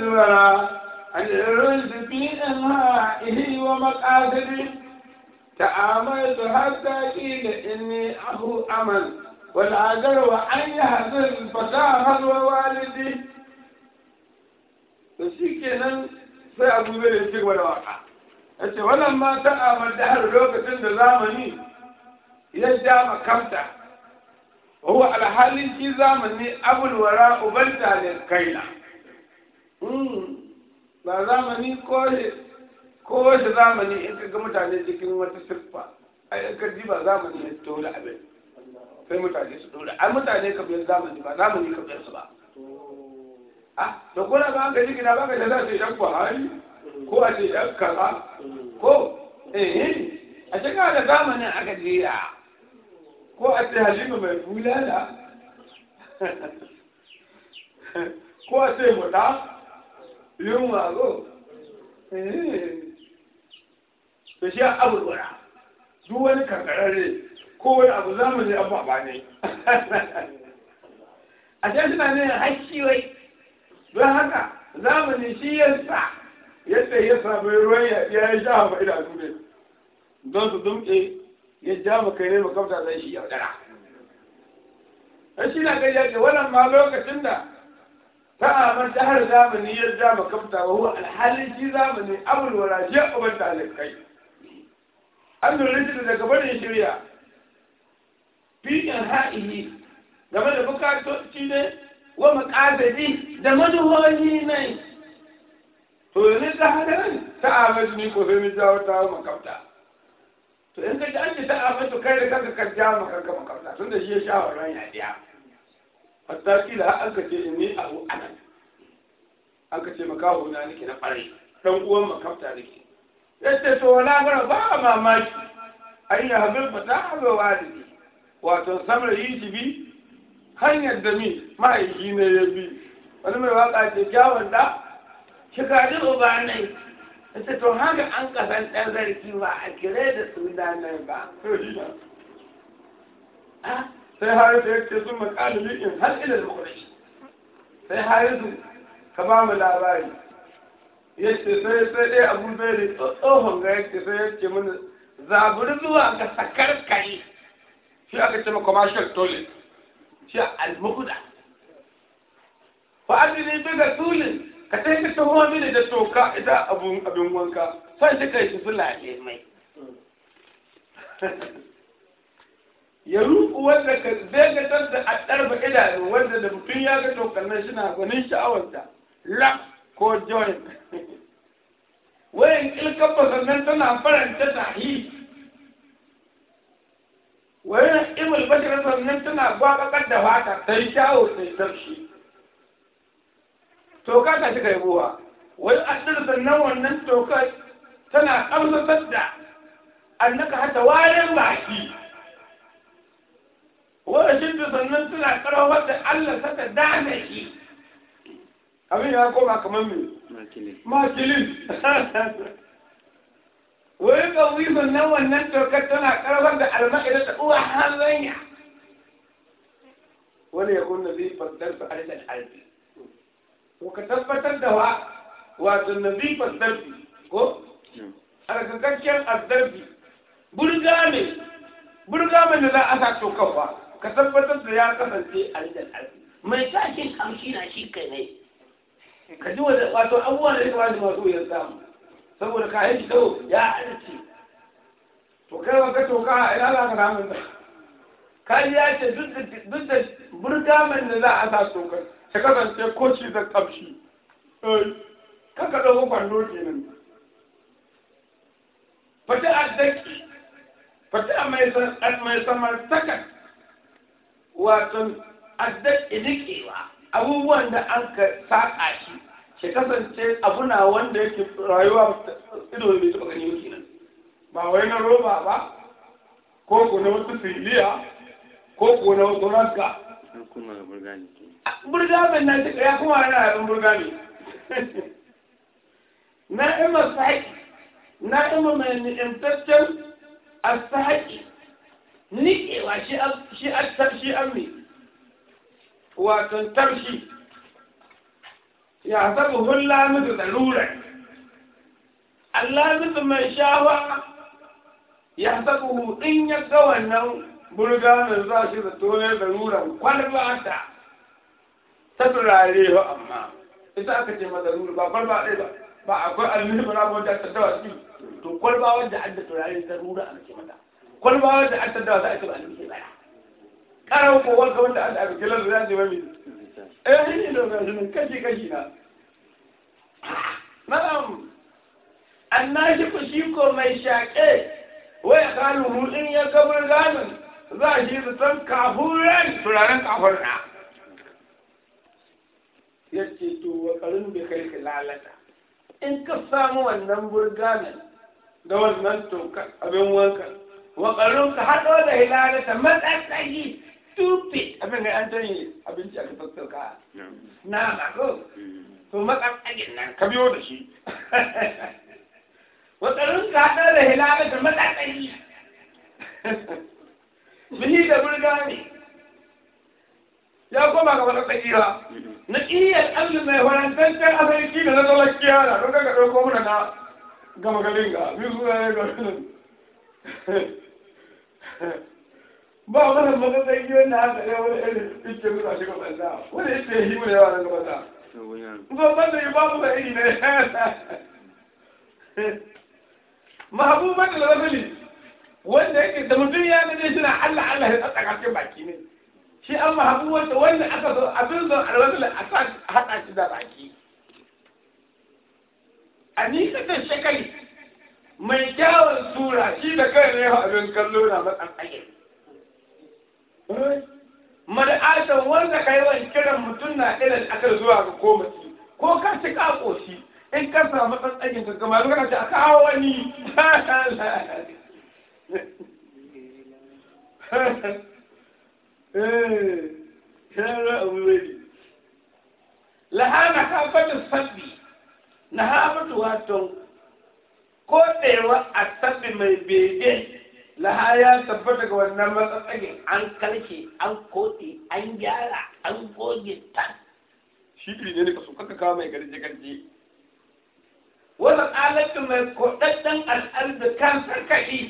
الورى العز في أنهائه ومقاصده تعاملت حتى قيل إني أخو أمل والعذر وأن يحزن فساها ووالدي فشيكنا سيأبو بير الشيك والواقع أشي ولما تأمل دهر لوكة زامني يجدع مكمتع وهو على حال في زامني أبو الوراء بلتا للكيلة ba zamani ko wace zamani in ka ga mutane cikin wata siffa a in ka ji ba zamani ya dole abin sai mutane su dole A mutane ka biyar zamani ba zamani ka biyar su ba a da kuna ba ka ji gina ba ka da ce su yan buhari ko a ce yan kaza ko eh a shiga da a ka jiya ko a ce halima mai bulala ko a ce mutum yunwa go da eh. shi abu gwara duk wani kankararre ko wani abu za mu ne abu a bane. a can suna ne haƙƙi wai don haka zamani shi yasa yadda ya sami ruwan ya yi sha fa'ida a duniya don su dumke ya ja maka ne makamta zai shi yaudara. Shi na kai yake wannan ma lokacin da فآمن دهر زامني يرجع مكبتا وهو الحالي شي زامني أبو الوراجع وبنت عليك كي أنه الرجل إذا قبل شريعة في إنهائه قبل بكاتو شيني ومقابله ده منهوجي ني to yanzu ta hadarin ta amince ni ko sai jawo ta makabta to in ka ji an ji ta amince kai da kanka kan jawo makanka makabta tunda shi ya sha wannan yadiya hatta kila an ka ce inni a anan an ka ce makaho na nake na farai dan uwan makafta nake yace to wala gara ba mamaki ai ya habir fata hawa walidi wato samar yi jibi hanyar da mi ma'aiki ne ya bi wani mai waka ce kyawun da shiga ji ubanai yace to haka an kasan dan zarki ba a kire da nan ba sai harisu ya ce sun makalin in har ila al-mukhlis sai harisu ka ba mu labari ya ce sai sai dai abun zai da tsohon ga ya ce sai ya ce mana zaburi zuwa ga sakar kari shi aka ce ma commercial toilet shi a mukhda fa ne bi da tulin ka ta yi ta homi mini da toka ita abin wanka sai ka kai su fulani mai ya ruku wanda ka zai gatar da a ɗarfa idanu wanda da mutum ya ga tokannan shi na gwanin sha'awarta la ko join wayan ilkabba sannan tana faranta tahi wayan ibul bashir sannan tana gwabakar da fata sai shawo sai yi zarshi toka ta shi gaibuwa wani addar sannan wannan tokar tana ƙamsatar da annaka hata wayan baki وأشد ظننت العقرة وتعلى ستدعنا شيء أمين أقول لك مامي ما تلين ويبقى ويبقى نوى الناس وكتبت لها كرفة على ما إذا تقوى حالي ولي يقول النبي فالدر فعلي الحالي وكتب فتدوا وعد النبي فالدر نعم. أنا كنت كيف أدر برقامي برقامي لا أساك توقفها ka tabbatar da ya kasance a rikin arzi mai tashin kamshi na shi kai ne ka ji wato abubuwan da ya kamata masu ya samu saboda ka yi kyau ya arci to kai wa ka toka a ina za ka namun da ka ji ya ce duk da burgaman da za a sa tokar ta kasance ko da kamshi eh, Kaka ka ɗauka kwando kenan fata a daki fata a mai samartaka wato addaƙi idikewa abubuwan da an ka saƙa shi shi kasance abu na wanda yake rayuwa ido bai taɓa gani yau kenan ba wai na roba ba ko ko na wasu filiya ko ko na wasu raska? burgamin nan duka ya kuma yana yaɗin burgami na ima sahaƙi na ima mai ni'imtaccen a نيكي وشي أب شي أكثر شي أمي وتنترشي يعتبه الله مثل الأولى الله مثل ما شاء يحسبه إن يكتوى أنه بلدان الراشد التولى ضرورة وقال الله أنت تدر عليه أما إذا أكتش ما ضرورة بقال بقى إذا بقى أقول المهم أنا بوجه تدوى سيو تقول بقى وجه عدة تدر عليه ضرورة أنا كما kwalba da an tadda za a ce ba annabi ba karan ko wanka wanda an da abin gilan za a ce ba mai eh ni ne ga shi kashi kashi na na annashi ku shi ko mai shaƙe wai kalu in ya gabar ganin za a shi zaton kafuran turaren kafurna ya ce to wa karin bi kai lalata in ka samu wannan burganan da wannan tokar abin wankan wakarun ka haɗo da hilalata matsatsayi stupid abin da an tanye abinci a kasar ka na mako to matsatsayin nan ka biyo da shi wakarun ka haɗo da hilalata matsatsayi bihi da burgani ya koma ga wani tsakira na ƙiyar allah mai farantancen asali da na zama kiyara don ka ɗauko mana na gama garin ga biyu suna ya garin ba wannan magana sai yi wannan haka ne wani irin ike musa shi gaba da wani ike yi mu da yawa nan gaba da zo ban da ba kuma da iri ne mahabuban da rasuli wanda yake da mutum ya ne shi na Allah Allah ya tsaka cikin baki ne shi an mahabu wanda wanda aka zo abin zo a rasuli a sa haɗa shi da baki a nisa da shekari mai kyawun sura shi da kai ne abin kallo na matsan ajin mada'atan wanda ka yi wani kiran mutum na irin aka zuwa ga shi, ko ka ci ka shi? in ka samu ɗan ajin ka zuwa ka ce a kawo wani bege lahaya ya tabbata ga wannan matsatsagin an kalke an kote an gyara an goge tan shi ne ne ka so kaka kawo mai garje garje wannan alaƙin mai koɗaɗɗen al'arda kan sarkaki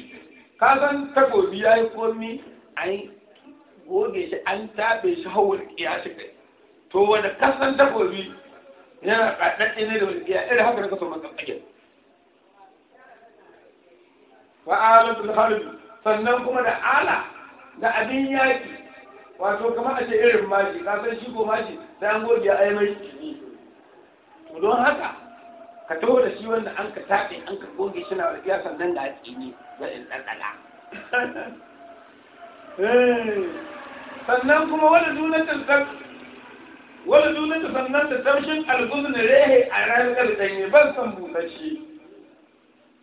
ka san takobi ya yi komi an goge shi an taɓe shi hau wani shi kai to wanda kasan takobi yana kaɗaɗɗe ne da wani walƙiya irin haka da kasan matsatsagin wa alatul harbi sannan kuma da ala da abin yaki wato kamar a ce irin mashi ka san shi ko mashi sai an goge a mai to don haka ka taho da shi wanda an ka taɗe an ka goge shi na warkiya sannan da jini da in ɗanɗana eh, sannan kuma wani dunatin wani dunatin sannan da tamshin alguzun rehe a ranar ɗanye ban san busasshe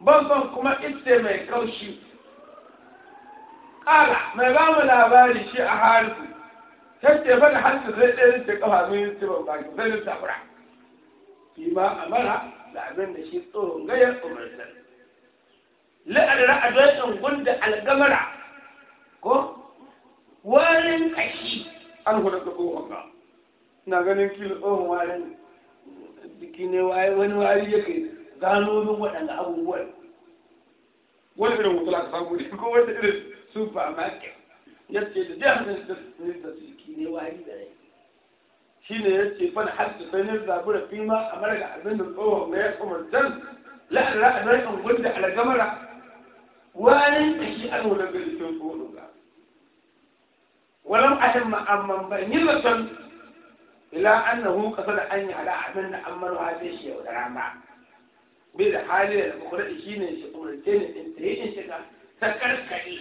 ban ban kuma itse mai kaushi ƙara mai ba mu labari shi a harisu tace ba da hannu zai ɗaya rinta ƙafa zai rinta ban ki zai rinta fura shi ma mara da abin da shi tsoron gayar umarnin la'ar ra'adon ɗangun da algamara ko warin kashi. an hudu da tsohon ba na ganin kilo tsohon warin jiki ne wani wari ya kai gano min waɗanda abubuwan wani irin mutu aka samu ne ko wani irin supermarket ya ce da jihar da suke ne wari da rai shi ne ya ce fana har su sai ne zaɓi da fima a mara ga abin da tsohon mai ya kamar dan la'adara a zai an gwanda a lagamara wani da shi an wani gari sun tsoro ga ولم أهم أمن بنيرة إلى أنه قصد أن يعلى أمن أمن هذه الشيء ودرامة bai da hali da kwakwara shi ne shi umarce ne in ta yi shiga ta karkare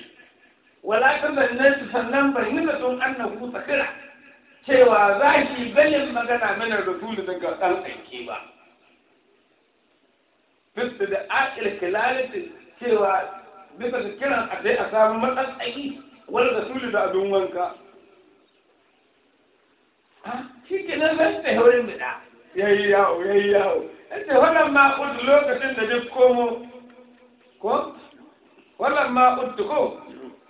walakin da nan sannan bai nuna sun annabu sakira cewa za shi ganin magana mana rasulu daga ɗan ba bisa da akil kilalatin cewa bisa da kiran a dai a samu matsan aiki wani rasulu da abin wanka shi ke nan zai ta haurin bida yayi yawo yayi yawo wannan ma'udu lokacin da duk komo ko wannan ma ko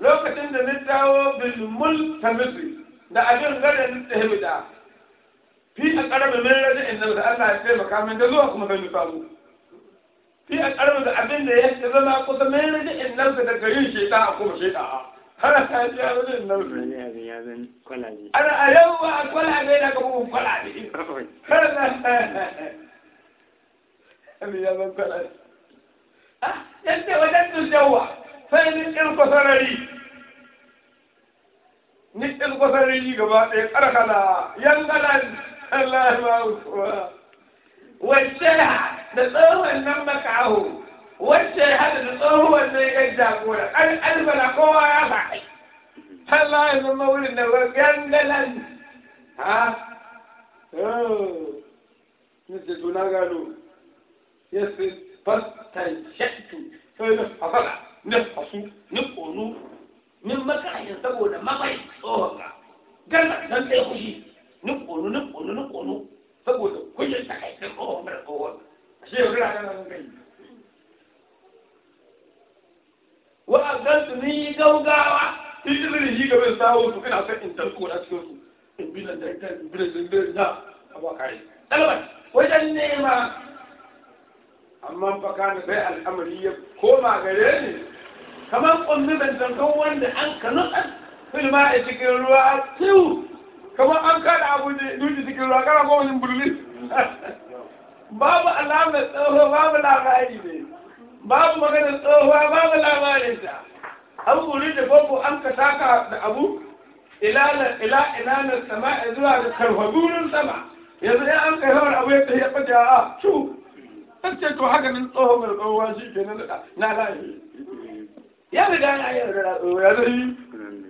lokacin da ni dawo mulka misri, da abin gare ni da fi a karamin min raja inda da Allah ya taimaka min da zuwa kuma yi samu fi a karamin da abin da ya zama kusa min raja inda da garin shaitan a kuma shaitan ana da wani nan ana a yau ba a kwalabe na kuma kwalabe يا من بلد أه؟ أنت وجدت الجوع فنسأل قصرري نسأل قصرري قبائل أرخنا ينقلا الله ما أسوى والشرع نصوه النمك عهو والشرع نصوه النمك الزاقورة الألبنا قوة يا صحي يا يسمى ولدنا ينقلا ها أوه. مثل تناغلو fastanshatu sai na hasala na hasu na ƙonu min makahin saboda mabai tsohon gana don ɗaya kushi na ƙonu na ƙonu na ƙonu saboda kuyin takaitar tsohon mara tsohon shi yau rana na gani wa a gansu ni gaugawa ijirin shi gaban sawo su kana son in tarko da cikin su in bi nan da in bi da zai na abuwa kare ɗalban wajen nema amma fa kana bai al'amari ya koma gare ni kamar ƙunni da zangon wanda an ka an filma a cikin ruwa a tiwu kamar an kada abu ne duki cikin ruwa kana goma yin babu alamar tsoho babu labari ne babu maganar tsoho babu labarin ta an wuri da babu an ka taka da abu ila ilanar sama zuwa da karfadurin sama yanzu ya an kai hawar abu ya tafiya ɓace a cu أنت تحاجة من الأهم الأوازيك لا لا يا بدان يا